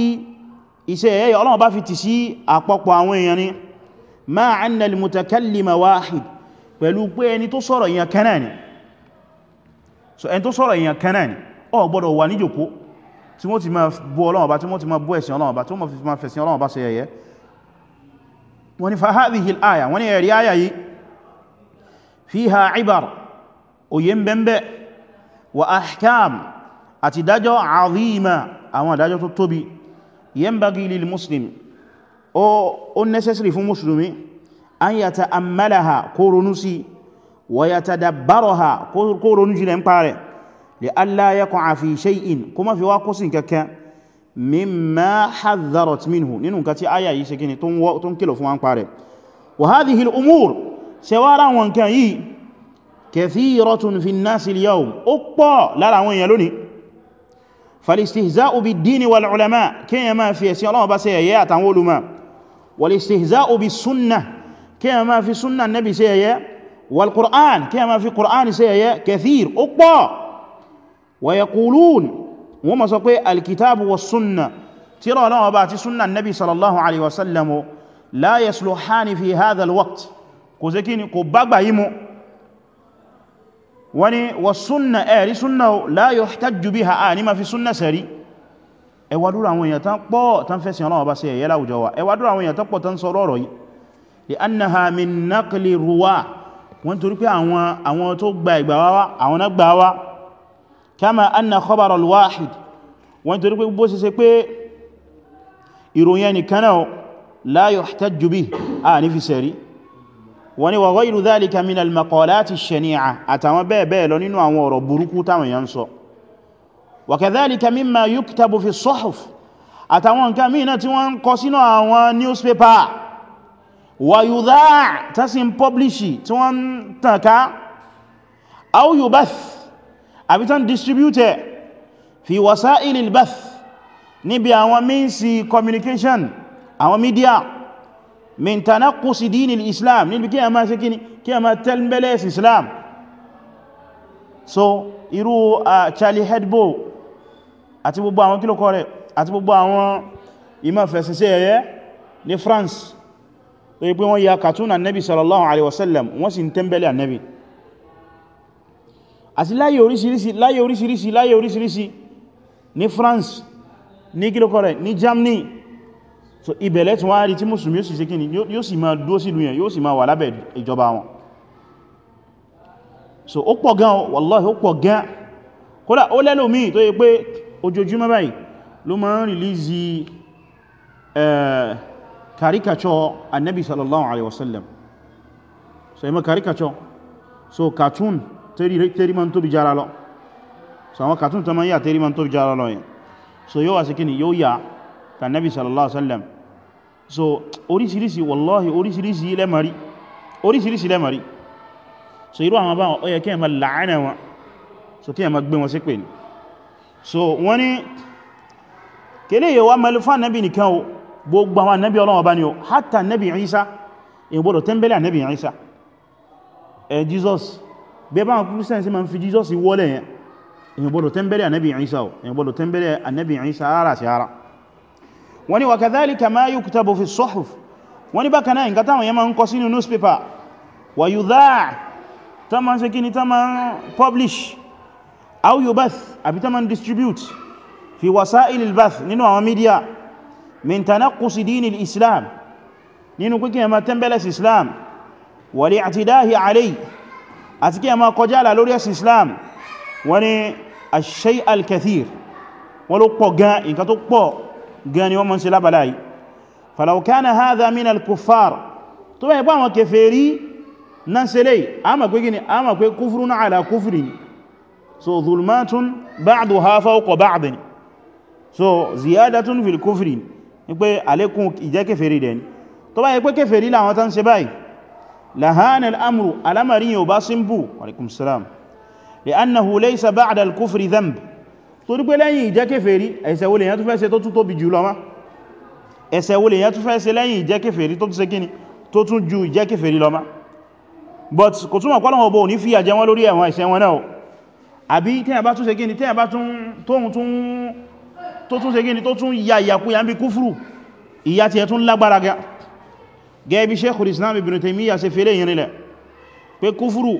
iṣẹ́ ẹ̀yẹ ọlọ́wọ́ bá fi ti sí àpapọ̀ àwọn èèyàn ni wà níjòkó tí wọ́n ti máa bú Ọlọ́run Ọba tí wọ́n ti máa bú ẹ̀sìn Ọlọ́run Ọba tí wọ́n máa fẹ̀sìn Ọlọ́run Ọba ṣe yẹ̀yẹ́ wọ́n ni fa hadhihi al wọ́n ni ẹ̀rí àyà yìí fiha ibar òye ń bẹ́m̀bẹ́ wa ahkam àti dájọ́ azima àwọn àdájọ́ tó tóbi yanbaghi lil muslim ó necessary fún musulmi an yata'ammalaha kó ronú sí wa yatadabbaraha kó ronú jìnà ń parẹ́ لئلا يقع في شيء كما في واقص كك مما حذرت منه نينو كتي آية ايا تون و... كيلو فوان قاري وهذه الامور سوارا وان كان يي كثيره في الناس اليوم اوبا لا لا وين يلوني فالاستهزاء بالدين والعلماء كما في سي الله بس يا تان ما والاستهزاء بالسنه كما في سنه النبي سي والقران كما في قران سي كثير اوبا wa yaqulun wọ́n ma sọ pé alkitabu wa sunna tírà Ọlọ́run Ọba àti sunna nabi sallallahu alaihi wasallam la yasluhani fi hadha alwaqt kò ṣe kíni kò bagba yi mu wani wa sunna ẹ̀rí sunna la yuhtajju biha a ní ma fi sunna sari ẹwàdúrà àwọn èèyàn tán pọ̀ tán fẹ́sìn Ọlọ́run Ọba sí kama anna khabar al-wahid wọ́n torí pé bó ṣe ṣe pé ìròyìn ẹnìkan náà la yuhtajju bihi a ní fi sẹ̀rí wọ́n ni wa ghayru dhalika min al-maqalati ash-shani'a àtàwọn bẹ́ẹ̀ bẹ́ẹ̀ lọ nínú àwọn ọ̀rọ̀ burúkú táwọn yẹn sọ wa kadhalika mimma yuktabu fi as-suhuf àtàwọn nǹkan míì náà tí wọ́n ń kọ sínú newspaper wa yudha' tásí publish tí wọ́n ń tàn aw yubath àbí tán distribute fi wasailil bath níbi àwọn means communication àwọn media min tanaqqusi dinil islam níbi kí a máa ṣe kíni kí a máa tẹ́lmẹ́lẹ̀ islam so irú uh, Charlie Hebdo àti gbogbo àwọn kílòkọ́ rẹ̀ àti gbogbo àwọn ìmọ̀ fẹ̀sẹ̀sẹ̀ ẹ̀yẹ ní France tó yí pé wọ́n ya cartoon annabi sallallahu alaihi wasallam wọ́n sì ń tẹ́mbẹ̀lẹ̀ annabi àti láyé oríṣiríṣi láyé oríṣiríṣi láyé oríṣiríṣi ní France ní gílòkọrẹ̀ ní Germany so ibẹ̀lẹ̀ tí wọ́n rí tí mùsùlùmí yóò sì ṣe kíni yóò sì máa dúó sílùú yẹn yóò sì máa wà lábẹ́ ìjọba wọn so ó pọ̀ gan wallahi ó pọ̀ gan kódà ó lẹ́lòmí tó yẹ pé ojoojúmọ́ báyìí ló máa ń rìlízi karikacọ annabi sallallahu alaihi wasallam so ima karikacọ so cartoon tẹ́rí ma ń tóbi jára lọ so àwọn cartoon tó ma ń yà tẹ́rí ma ń tóbi jára lọ yẹn so yóò wá sí kíni yóò yà ta nabi sallallahu alaihi wasallam so oríṣiríṣi wallahi oríṣiríṣi lẹ́mari oríṣiríṣi lẹ́mari so irú àwọn báwọn ó yẹ kí ẹ ma la'ana wọn so kí ẹ ma gbé wọn sí pè ní so wọ́n ni kele yẹ wa Jesus bẹ́bá christian sí ma ń fi jesus wọ́lẹ̀ yẹn èyàn bọ́lọ̀ tẹ́m̀bẹ̀lẹ̀ ànábì Ìsá o èyàn bọ́lọ̀ tẹ́m̀bẹ̀lẹ̀ ànábì Ìsá ara sí ara wọ́n ni wa kadhalika ma yuktabu fi suhuf wọ́n ni bákanáà nǹkan táwọn yẹn ma ń kọ sínú newspaper wa yudhaa ta ma ń ṣe kí ni ta ma ń publish aw yubath àbí ta àti kí a máa kọjá àlà lórí ẹ̀sìn Islam wọ́n ni ash-shay' al-kathir wọ́n ló pọ̀ gan nǹkan tó pọ̀ gan ni wọ́n mọ́ sí lábàlá yìí falaw kana hadha min al-kuffar tó bá ìbá àwọn kèfèrí náà se lè a mọ̀ pé gini tán ṣe báyìí لهان الأمر الأمرين يباسم بو عليكم السلام لأنه ليس بعد الكفر ذنب torípé lẹ́yìn ìjẹ́ kèfèrí ẹ̀ṣẹ̀ wo lèyàn tó fẹ́ ṣe tó tún tóbi jù lọ má ẹ̀ṣẹ̀ wo lèyàn tó fẹ́ ṣe lẹ́yìn ìjẹ́ kèfèrí tó tún ṣe kíni tó tún ju ìjẹ́ kèfèrí lọ má but kò túnmọ̀ pọ́lọ̀ ọbọ̀ ní fìyà jẹ wọ́n lórí ẹ̀wọ̀n ẹ̀ṣẹ̀ wọn náà àbí tẹ́yàn bá tún ṣe kíni tẹ́yàn bá tún tó tún ṣe kíni tó tún ya ìyàkúyà ń bí kúfùrù ìyà tiẹ̀ tún lágbára gan gẹ́ẹ̀bí Sheikhul Islam Ibn Taymiyyah ṣe fẹ́lẹ̀ yìí nílẹ̀ pé kúfúrù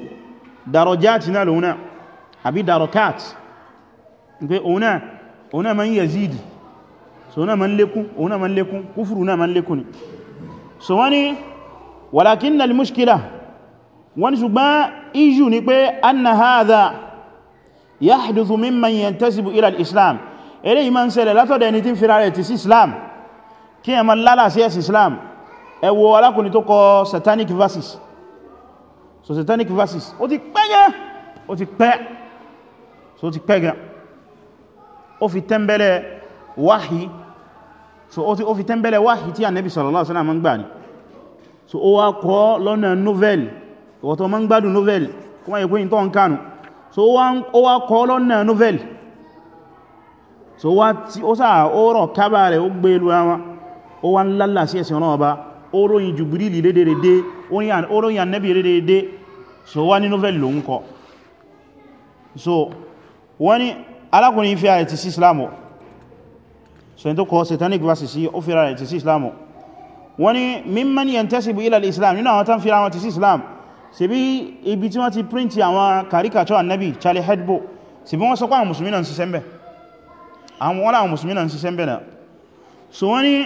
darajati náà lòun náà àbí darakat pé òun náà òun náà ma ń yazidi so náà ma ń lékún òun náà ma ń lékún kúfúrù náà ma ń lékún ni so wọ́n ni walakinna al-mushkila wọ́n ṣùgbọ́n iju kí ẹ lálàá sí ẹ̀sì islam ẹ wo alákùnrin tó kọ satanic verses so satanic verses ó ti pẹ́ yẹ́ ó ti pẹ́ so ó ti pẹ́ gan ó fi tẹ́mbẹ̀lẹ̀ wáhí so ó fi tẹ́mbẹ̀lẹ̀ wáhí tí Ànábì sallallahu alaihi wasallam gbà ní so ó wá kọ́ lọ́nà novel ìwọ̀tọ̀ máa ń gbádùn novel kọ́ máa yẹ kóyìn tó ń kánù so ó wá kọ́ lọ́nà novel so ó sáà ó rọ̀ kábà rẹ̀ ó gbé e lu àwọn ó wá ń lálà sí ẹ̀sìn ọ̀nà ọba oróyìn jùbìrìlì lédèrèdé oróyìn annabi lédèrèdé so wá ní novel lòun kọ so wọ́n ni alákùnrin fi ààrẹ ti sí islamu so in tó kọ satanic verses sí ó fi ààrẹ ti sí islamu wọ́n ni mimman yantasibu ila islam nínú àwọn tán fi àwọn ti sí islam ṣe bí ibi tí wọ́n ti print àwọn caricature annabi charlie hedbo ṣe bí wọ́n sọ pé àwọn musulmi náà ń ṣiṣẹ́ ń so wọ́n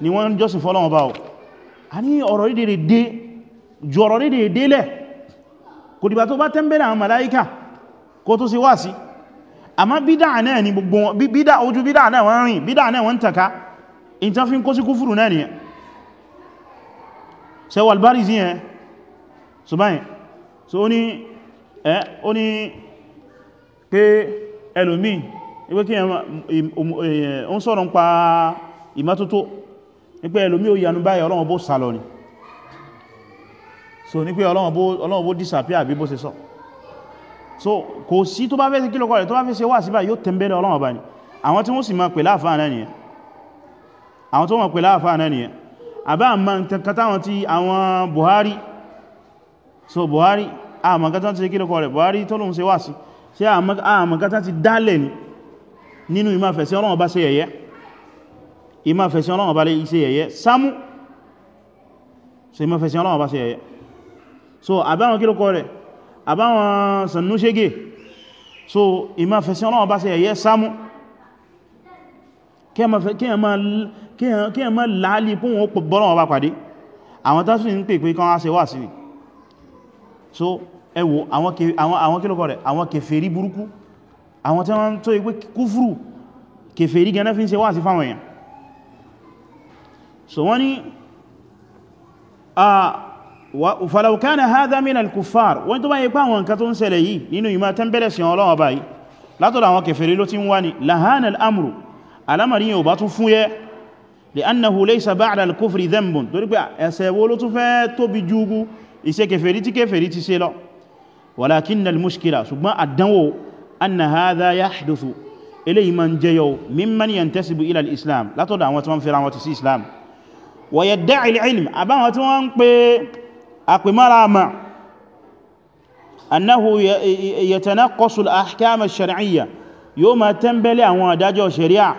ni wọ́n jọ́sìn fọ́lọ́wọ́ bá ọ̀ a ní ọ̀rọ̀ rídèrè dé ju ọ̀rọ̀ rídèrè dé lẹ̀ kò dìbà tó bá tẹ́m̀bẹ̀rẹ̀ àwọn màláíkà kó tó sí wá sí àmá bídà náà ni gbogbo wọn bídà ojú bídà náà wọ́n rìn bídà náà wọ́n tàka in ta fi ń kó sí kúfùrù náà nìyẹn ṣe wà albárí sí yẹn so báyìí so ó ní ẹ́ ó ní pé ẹlòmíì ìwé kí ẹ̀ ń sọ̀rọ̀ ń pa ìmọ́tótó nípé ẹlòmí ò yanu báyìí ọlọ́run bó sálọ ni so nípé ọlọ́run bó disappear bí bó ṣe sọ so kò sí tó bá fẹ́ sí kílọ̀kọ́ rẹ̀ tó bá fẹ́ ṣe wà síbà yóò tẹ́m̀bẹ̀rẹ̀ ọlọ́run bá ní àwọn tí wọ́n sì máa pè láàfáà náà nìyẹn àwọn tó máa pè láàfáà náà nìyẹn àbá àmà nǹkan táwọn tí àwọn Buhari so Buhari àmà nǹkan tí kílọ̀kọ́ rẹ̀ Buhari tó lóun ṣe wà sí ṣe àmà nǹkan tí dálẹ̀ ni nínú ìmáfẹ̀sí ọlọ́run bá se yẹ̀yẹ́ ìmá fẹ̀sí ọlọ́wọ́ bá lè iṣẹ́ yẹ̀yẹ́ sámú so ìmá fẹ̀sí ọlọ́wọ́ bá ṣe yẹ̀yẹ́ so àbáwọn kílùkọ rẹ̀ àbáwọn sannúṣégé so ìmá fẹ̀sí ọlọ́wọ́ bá ṣe yẹ̀yẹ́ sámú kí ẹ ma láàlì fún wọn bọ́lọ́wọ́ bá pàdé àwọn tásùn ń pè pé kan á se wà sí so ẹwò àwọn kílùkọ rẹ̀ àwọn kèfèrí burúkú àwọn tí wọ́n tó ìpé kúfúrú kèfèrí gẹ́nẹ́ fi ń ṣe wà sí fáwọn èèyàn so wọ́n ni falau kana hadha min al-kuffar wọ́n tó bá yí pa àwọn nǹkan tó ń ṣẹlẹ̀ yìí nínú ìmá tẹ́m̀bẹ̀lẹ̀ sí Ọlọ́run Ọba yìí látọ̀dọ̀ àwọn kèfèrí ló ti ń wá ní lahana al-amru alamari yóò bá tún fún yẹ́ li'annahu laysa ba'da al-kufri dhanbun torí pé ẹ̀ṣẹ̀ wo ló tún fẹ́ tóbi jùgú iṣẹ́ kèfèrí tí kèfèrí ti ṣe lọ walakinna al-mushkila ṣùgbọ́n àdánwò anna hadha yahduthu eléyìí man jẹyọ mimman yantasibu ila islam látọ̀dọ̀ àwọn tí wọ́n fi ra wọn ti sí islam ويدعي العلم أبان وتوان أقمار ما أنه يتنقص الأحكام الشرعية يوم تنبلي أنه داجو شريع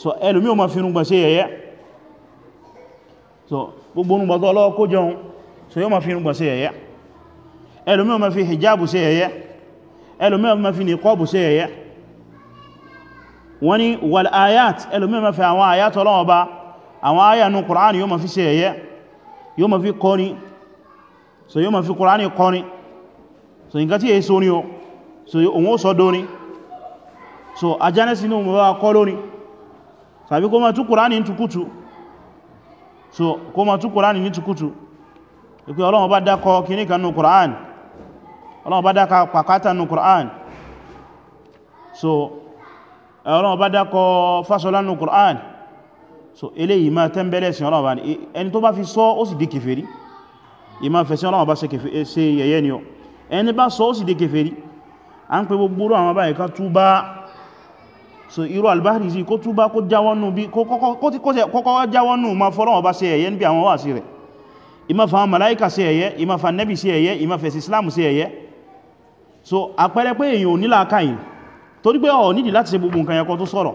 so ẹlùmí o ma fi rúgbà sí ẹ̀yẹ́ so gbogbo rúgbà tó ọlọ́wọ́ kó jẹun so yóò ma fi rúgbà sí ẹ̀yẹ́ ẹlùmí o ma fi hijabu sí ẹ̀yẹ́ ẹlùmí o ma fi nìkọ́bù sí ẹ̀yẹ́ wọ́n ni wal ayat ẹlùmí o ma fi àwọn ayat ọlọ́wọ́ àwọn ayà nù Kùránì yóò ma fi ṣe ẹ̀yẹ yóò ma fi kọni so yóò ma fi Kùránì kọni so nǹkan tí èso ní o so òun ó sọ dóní so ajánẹ́ sínú mọ̀ bá kọ́ lóní tàbí kó ma tú Kùránì ní tukutu so kó ma tú Kùránì ní tukutu ìpé Ọlọ́run bá dákọ kìníkan nù Kùránì Ọlọ́run bá dákọ pàkátà nù so Ọlọ́run bá dákọ fásọlá nù Kùránì so eléyìí máa tẹ́m̀bẹ̀lẹ̀ sí ọlọ́wọ́ bá ní ẹni tó bá fi sọ ó sì di kèfèrí ìmá fẹ̀sí ọlọ́wọ́ bá ṣe yẹ̀yẹ́ ni ọ ẹni bá sọ ó sì di kèfèrí a ń pè gbogbo àwọn báyìí ká túbá so irú albáhìrì sí kó túbá kó jáwọ́nù bí kọ́kọ́ jáwọ́nù ma fọ́lọ́wọ́ bá ṣe yẹ̀yẹ́ níbi àwọn wà sí rẹ̀ ìmá fa màláíkà ṣe yẹ̀yẹ́ ìmá fa nẹ́bì ṣe yẹ̀yẹ́ ìmá fẹ̀sí islam ṣe yẹ̀yẹ́ so àpẹẹrẹ pé èèyàn ò nílà káyìn torí pé ọ̀ nídìí láti ṣe gbogbo nǹkan yẹn tó sọ̀rọ̀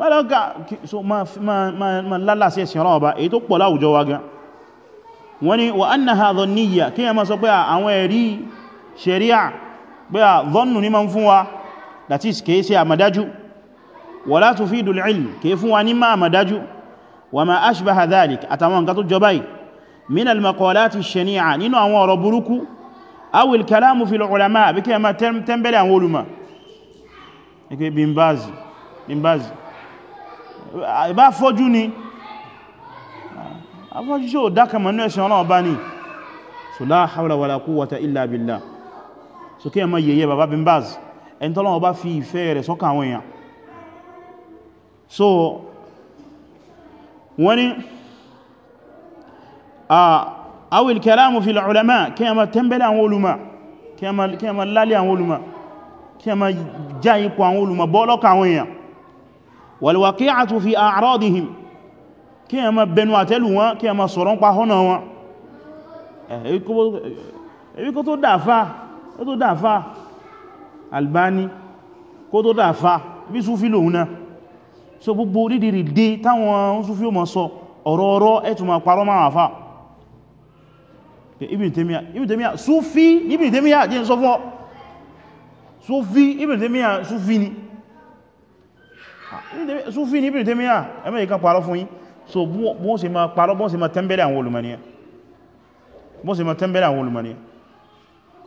mẹ́lọ́gá so ma lálàsí ẹ̀sìn ọ̀rọ̀ ọba èyí tó pọ̀ láwùjọ wa gan wọ́n ni wa anna ha dhanniyya kí yẹ ma sọ pé àwọn ẹ̀rí ṣẹ̀ríà pé à dhonnu ní ma ń fún wa that is kìí ṣe àmàdájú wala tufidu al-ilm kìí fún wa ní ma àmàdájú àìbá fọ́jú ni afọ́jú ṣe ò dáka mọ̀ nẹ́ẹ̀ṣẹ́ ọlọ́wọ́ bá ní so la hawla wala quwwata illa billah so kí ẹmọ yẹyẹ bàbá bin ẹni tọ́lọ́wọ́ bá fi ìfẹ́ rẹ̀ sọ́kà so wọ́n ni awil kalamu fil ulama kí ẹmọ tẹ́mbẹ̀lẹ̀ àwọn olùmọ̀ kí ẹmọ lálẹ́ àwọn olùmọ̀ kí ẹmọ já ipò àwọn olùmọ̀ bọ́ọ̀lọ́kà àwọn èèyàn wàlwàkíyàtù fi àrọ́dìhìm kí ẹ ma bẹnu àtẹ́lù wọn kí ẹ ma sọ̀rọ̀ ń pa họ́nà wọn èyí eh, kó tó dáfà kó tó dáfà Albani kó tó dáfà bí súfí lòun náà so gbogbo dídìrì dé táwọn súfí o ma sọ ọ̀rọ̀ ọ̀rọ̀ ẹ̀tù ma parọ́ ma wà fà Ibn Taymiyyah Ibn Taymiyyah súfí súnfí ní Ibn Taymiyyah ẹmẹ́ ìkan parọ́ fún yín so bọ́n ṣe ma parọ́ bọ́n ṣe ma tẹ́mbẹ̀lẹ̀ àwọn olùmọ̀nìyàn bọ́n ṣe ma tẹ́mbẹ̀lẹ̀ àwọn olùmọ̀nìyàn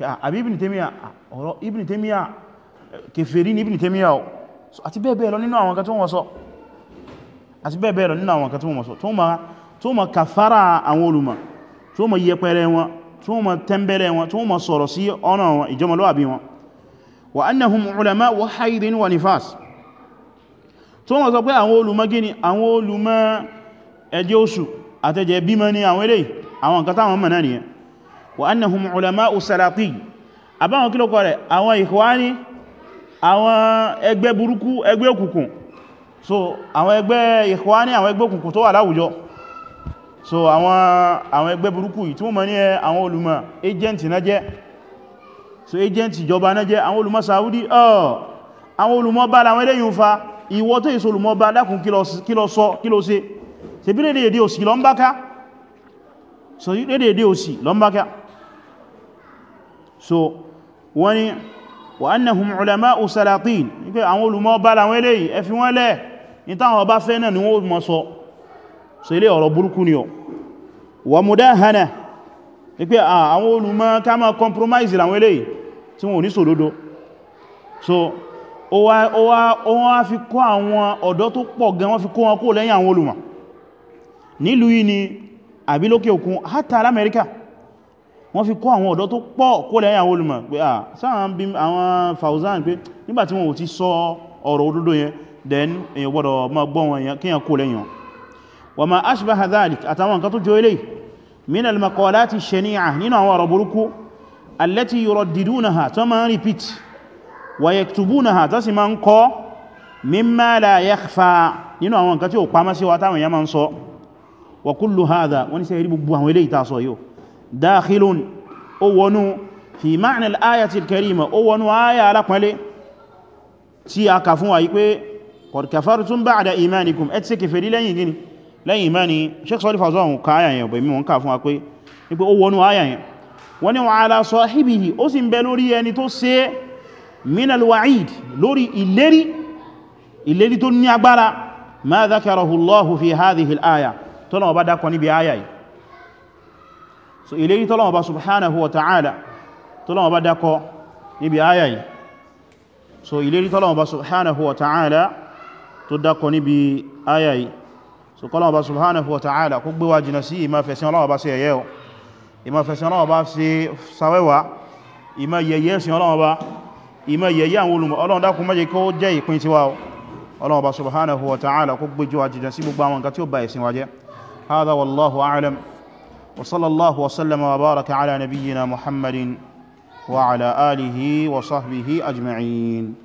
ah, àbí Ibn Taymiyyah ah, ọ̀rọ̀ Ibn Taymiyyah kèfèrí ní Ibn Taymiyyah ọ̀ àti bẹ́ẹ̀ bẹ́ẹ̀ lọ nínú àwọn kan tó wọ́n sọ àti bẹ́ẹ̀ bẹ́ẹ̀ lọ nínú àwọn kan tó wọ́n sọ tó ma tó ma kàfàrà àwọn olùmọ̀ tó tó wọ́n sọ pé àwọn olùmọ̀ gíní àwọn olùmọ̀ ẹjẹ́ oṣù àtẹ́jẹ́ bímọ ní àwọn eléyìí àwọn nǹkan táwọn mọ̀ náà nìyẹn wa annahum ulama'u salati àbáwọn kílòkọ rẹ̀ àwọn ikhwani àwọn ẹgbẹ́ burúkú ẹgbẹ́ òkùnkùn so àwọn ẹgbẹ́ ikhwani àwọn ẹgbẹ́ òkùnkùn tó wà láwùjọ so àwọn àwọn ẹgbẹ́ burúkú yìí tí wọ́n mọ̀ ní àwọn so agent ìjọba náà jẹ́ àwọn olùmọ̀ Saudi ọ̀ àwọn olùmọ̀ bá làwọn eléyìí fa ìwọ tó ìsolùmọ́ bá dákùn kí lọ sọ kí lọ ṣe ṣe bí lédè èdè òsì lọ́mbáká so lédè èdè òsì lọ́mbáká so wọ́n ni wa annahum ulama'u salatin wípé àwọn olùmọ́ bá làwọn eléyìí ẹ fi wọ́n lẹ̀ ní táwọn ọba fẹ́ náà ni wọ́n mọ́ sọ so ó wá fi kó àwọn ọ̀dọ́ tó pọ̀ gan wọ́n fi kó wọn kó lẹ́yìn àwọn olùmọ̀ nílùú yìí ni àbí lókè òkun hátà alamẹ́ríkà wọ́n fi kó àwọn ọ̀dọ́ tó pọ̀ kó lẹ́yìn àwọn olùmọ̀ pé ah, à sáwọn àtàwọn nǹkan tó jọ ilé min al maqalati shani'a nínú àwọn ọ̀rọ̀ burúkú allati yuraddidunaha tó máa ń repeat wa yaktubunaha tó sì máa ń kọ́ mimma la yakhfa nínú àwọn nǹkan tí ó pamọ́ sí wa táwọn èèyàn máa ń sọ wa kullu hadha wọ́n ni sẹ́yẹ̀ rí gbogbo àwọn eléyìí tá sọ yóò dakhilun ó wọnú fi ma'na al-ayati al-karima ó wọnú ayà alápẹ́lẹ́ tí a kà fún wa yí pé qad kafartum ba'da imanikum ẹ ti ṣe kèfèrí lẹ́yìn gini lẹ́yìn imani sheikh sọ́lífà zọ́hun ayà yẹn bẹ̀mí wọn kà fún wa pé wọ́n ni wa ala sahibihi ó sì ń bẹ lórí ẹni tó ṣe minal wa'id lórí ìlérí ìlérí tó ní agbára ma zakarahu Allahu fi hadhihi al-aya tọ́lọ̀wọ̀ bá dákọ níbi aya yìí so ìlérí tọ́lọ̀wọ̀ bá subhanahu wa ta'ala tọ́lọ̀wọ̀ bá dákọ níbi aya yìí so ìlérí tọ́lọ̀wọ̀ bá subhanahu wa ta'ala tó dákọ níbi aya yìí so kọ́lọ̀wọ̀ bá subhanahu wa ta'ala kó gbé wa jìnà sí ìmá fẹ̀sìn ọlọ́wọ̀ bá sí ẹ̀yẹ́ ìmá fẹ̀sìn ọlọ́wọ̀ bá sí sawẹ́wà ìmá yẹ̀yẹ́ sí ọlọ́wọ̀ bá ìmọ̀ yẹ̀yẹ́ àwọn olùmọ̀ ọlọ́run dákun má jẹ́ kó jẹ́ ìpín tiwa ọlọ́run bá subhanahu wa ta'ala kó gbójú àjìjàn sí gbogbo àwọn nǹkan tí ó bá ìsìn wa jẹ́ hadha wallahu a'lam